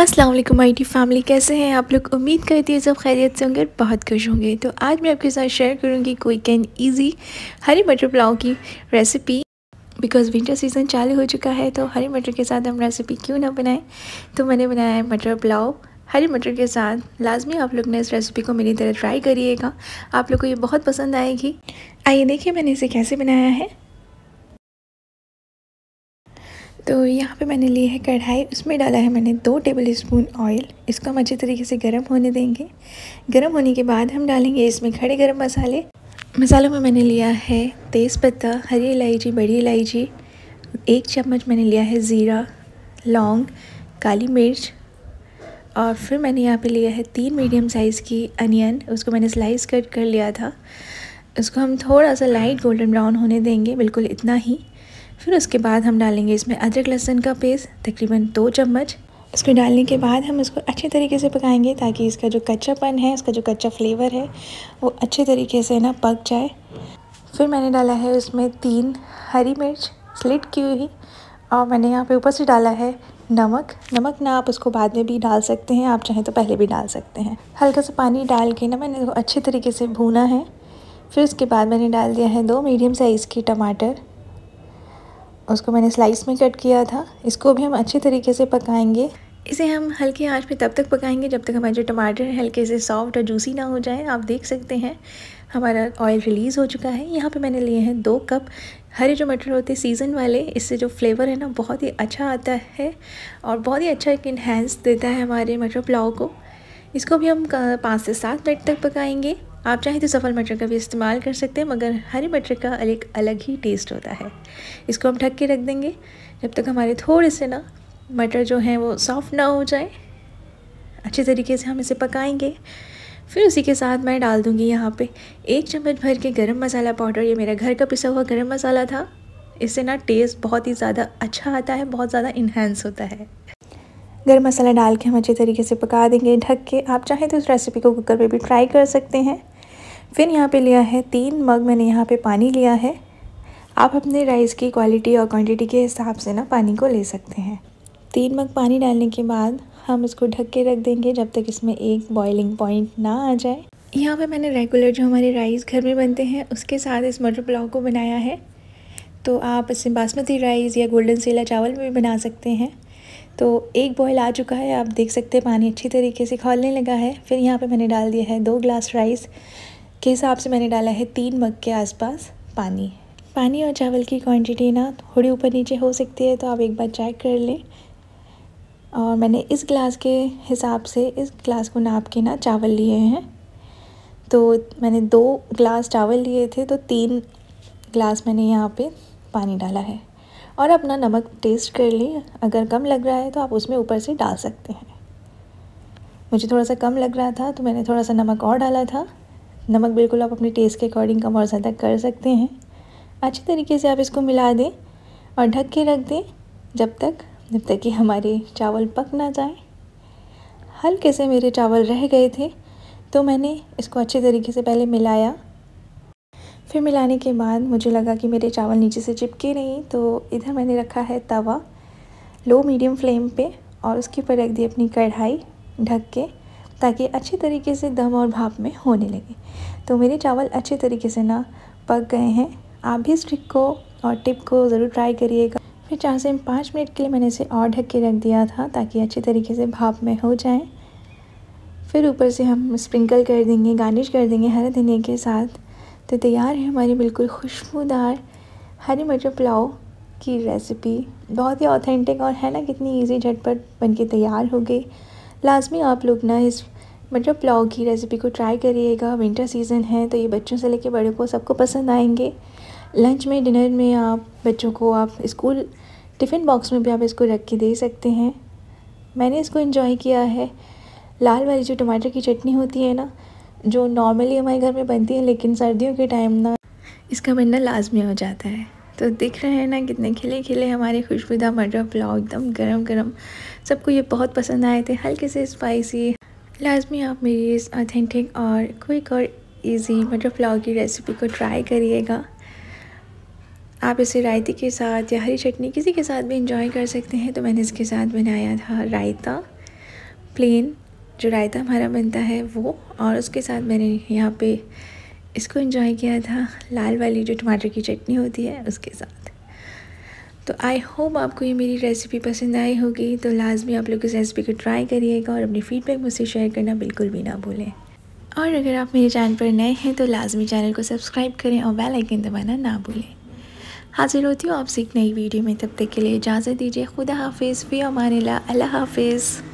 अस्सलाम वालेकुम IT family कैसे हैं आप लोग उम्मीद करती है सब खैरियत से होंगे बहुत खुश होंगे तो आज मैं आपके साथ शेयर करूंगी क्विक एंड ईजी हरी मटर पुलाव की रेसिपी बिकॉज विंटर सीज़न चालू हो चुका है तो हरी मटर के साथ हम रेसिपी क्यों ना बनाएं तो मैंने बनाया है मटर पुलाव हरी मटर के साथ लाजमी आप लोग ने इस रेसिपी को मेरी तरह ट्राई करिएगा आप लोग को ये बहुत पसंद आएगी आइए देखिए मैंने इसे कैसे बनाया है तो यहाँ पे मैंने ली है कढ़ाई उसमें डाला है मैंने दो टेबल स्पून ऑयल इसको हम अच्छे तरीके से गर्म होने देंगे गर्म होने के बाद हम डालेंगे इसमें खड़े गर्म मसाले मसालों में मैंने लिया है तेज़पत्ता हरी इलायची बड़ी इलायची एक चम्मच मैंने लिया है ज़ीरा लौंग काली मिर्च और फिर मैंने यहाँ पे लिया है तीन मीडियम साइज़ की अनियन उसको मैंने स्लाइस कट कर लिया था इसको हम थोड़ा सा लाइट गोल्डन ब्राउन होने देंगे बिल्कुल इतना ही फिर उसके बाद हम डालेंगे इसमें अदरक लहसुन का पेस्ट तकरीबन दो चम्मच इसको डालने के बाद हम इसको अच्छे तरीके से पकाएंगे ताकि इसका जो कच्चापन है इसका जो कच्चा फ्लेवर है वो अच्छे तरीके से ना पक जाए फिर मैंने डाला है उसमें तीन हरी मिर्च स्लिट की हुई और मैंने यहाँ पे ऊपर से डाला है नमक नमक ना आप उसको बाद में भी डाल सकते हैं आप चाहें तो पहले भी डाल सकते हैं हल्का सा पानी डाल के ना मैंने इसको अच्छे तरीके से भूना है फिर उसके बाद मैंने डाल दिया है दो मीडियम साइज़ की टमाटर उसको मैंने स्लाइस में कट किया था इसको भी हम अच्छे तरीके से पकाएंगे इसे हम हल्के आंच पे तब तक पकाएंगे जब तक हमारे जो टमाटर हैं हल्के से सॉफ्ट और जूसी ना हो जाए आप देख सकते हैं हमारा ऑयल रिलीज़ हो चुका है यहाँ पे मैंने लिए हैं दो कप हरे जो मटर होते हैं सीज़न वाले इससे जो फ्लेवर है ना बहुत ही अच्छा आता है और बहुत ही अच्छा एक इन्हेंस देता है हमारे मटर मतलब पुलाव को इसको भी हम पाँच से सात मिनट तक पकाएँगे आप चाहे तो सफल मटर का भी इस्तेमाल कर सकते हैं मगर हरी मटर का एक अलग ही टेस्ट होता है इसको हम ढक के रख देंगे जब तक हमारे थोड़े से ना मटर जो हैं वो सॉफ्ट ना हो जाए अच्छे तरीके से हम इसे पकाएंगे फिर उसी के साथ मैं डाल दूँगी यहाँ पे एक चम्मच भर के गरम मसाला पाउडर ये मेरा घर का पिसा हुआ गरम मसाला था इससे ना टेस्ट बहुत ही ज़्यादा अच्छा आता है बहुत ज़्यादा इन्हेंस होता है गरम मसाला डाल के हम अच्छे तरीके से पका देंगे ढक के आप चाहें तो इस रेसिपी को कुकर पर भी ट्राई कर सकते हैं फिर यहाँ पे लिया है तीन मग मैंने यहाँ पे पानी लिया है आप अपने राइस की क्वालिटी और क्वांटिटी के हिसाब से ना पानी को ले सकते हैं तीन मग पानी डालने के बाद हम इसको ढक के रख देंगे जब तक इसमें एक बॉइलिंग पॉइंट ना आ जाए यहाँ पे मैंने रेगुलर जो हमारे राइस घर में बनते हैं उसके साथ इस मटर पुलाव को बनाया है तो आप इसे बासमती राइस या गोल्डन सेला चावल में भी बना सकते हैं तो एक बॉयल आ चुका है आप देख सकते हैं पानी अच्छी तरीके से खोलने लगा है फिर यहाँ पे मैंने डाल दिया है दो ग्लास राइस के हिसाब से मैंने डाला है तीन मग के आसपास पानी पानी और चावल की क्वांटिटी ना थोड़ी ऊपर नीचे हो सकती है तो आप एक बार चेक कर लें और मैंने इस ग्लास के हिसाब से इस ग्लास को नाप के ना चावल लिए हैं तो मैंने दो ग्लास चावल लिए थे तो तीन ग्लास मैंने यहाँ पे पानी डाला है और अपना नमक टेस्ट कर लें अगर कम लग रहा है तो आप उसमें ऊपर से डाल सकते हैं मुझे थोड़ा सा कम लग रहा था तो मैंने थोड़ा सा नमक और डाला था नमक बिल्कुल आप अपने टेस्ट के अकॉर्डिंग कम और ज़्यादा कर सकते हैं अच्छे तरीके से आप इसको मिला दें और ढक के रख दें जब तक जब तक कि हमारे चावल पक ना जाए हल्के से मेरे चावल रह गए थे तो मैंने इसको अच्छे तरीके से पहले मिलाया फिर मिलाने के बाद मुझे लगा कि मेरे चावल नीचे से चिपके नहीं तो इधर मैंने रखा है तवा लो मीडियम फ्लेम पे और उसके ऊपर रख दी अपनी कढ़ाई ढक के ताकि अच्छे तरीके से दम और भाप में होने लगे तो मेरे चावल अच्छे तरीके से ना पक गए हैं आप भी इस ट्रिक को और टिप को ज़रूर ट्राई करिएगा फिर चार से पाँच मिनट के लिए मैंने इसे और ढक के रख दिया था ताकि अच्छे तरीके से भाप में हो जाए फिर ऊपर से हम स्प्रिंकल कर देंगे गार्निश कर देंगे हरे धनिया के साथ तो तैयार है हमारी बिल्कुल खुशबूदार हरी मटर पुलाव की रेसिपी बहुत ही ऑथेंटिक और है ना कितनी इजी झटपट बनके तैयार हो गई लाजमी आप लोग ना इस मटर मतलब पुलाव की रेसिपी को ट्राई करिएगा विंटर सीज़न है तो ये बच्चों से लेके बड़े को सबको पसंद आएंगे लंच में डिनर में आप बच्चों को आप स्कूल टिफ़िन बॉक्स में भी आप इसको रख के दे सकते हैं मैंने इसको इन्जॉय किया है लाल वाली जो टमाटर की चटनी होती है ना जो नॉर्मली हमारे घर में बनती है लेकिन सर्दियों के टाइम ना इसका बनना लाजमी हो जाता है तो देख रहे हैं ना कितने खिले खिले हमारे खुशबूदा मटर पुलाव एकदम गरम गरम सबको ये बहुत पसंद आए थे हल्के से स्पाइसी लाजमी आप मेरी इस ऑथेंटिक और क्विक और इजी मटर पुलाव की रेसिपी को ट्राई करिएगा आप इसे रायते के साथ या हरी चटनी किसी के साथ भी इंजॉय कर सकते हैं तो मैंने इसके साथ बनाया था रायता प्लेन जो रायता हमारा बनता है वो और उसके साथ मैंने यहाँ पे इसको इंजॉय किया था लाल वाली जो टमाटर की चटनी होती है उसके साथ तो आई होप आपको ये मेरी रेसिपी पसंद आई होगी तो लाजमी आप लोग इस रेसिपी को ट्राई करिएगा और अपनी फ़ीडबैक मुझसे शेयर करना बिल्कुल भी ना भूलें और अगर आप मेरे चैनल पर नए हैं तो लाजमी चैनल को सब्सक्राइब करें और बेल आइकन दबाना ना भूलें हाजिर होती हूँ आपसे एक नई वीडियो में तब तक के लिए इजाज़त दीजिए खुदा हाफिज़ फ़ी अमान अल्लाह हाफिज़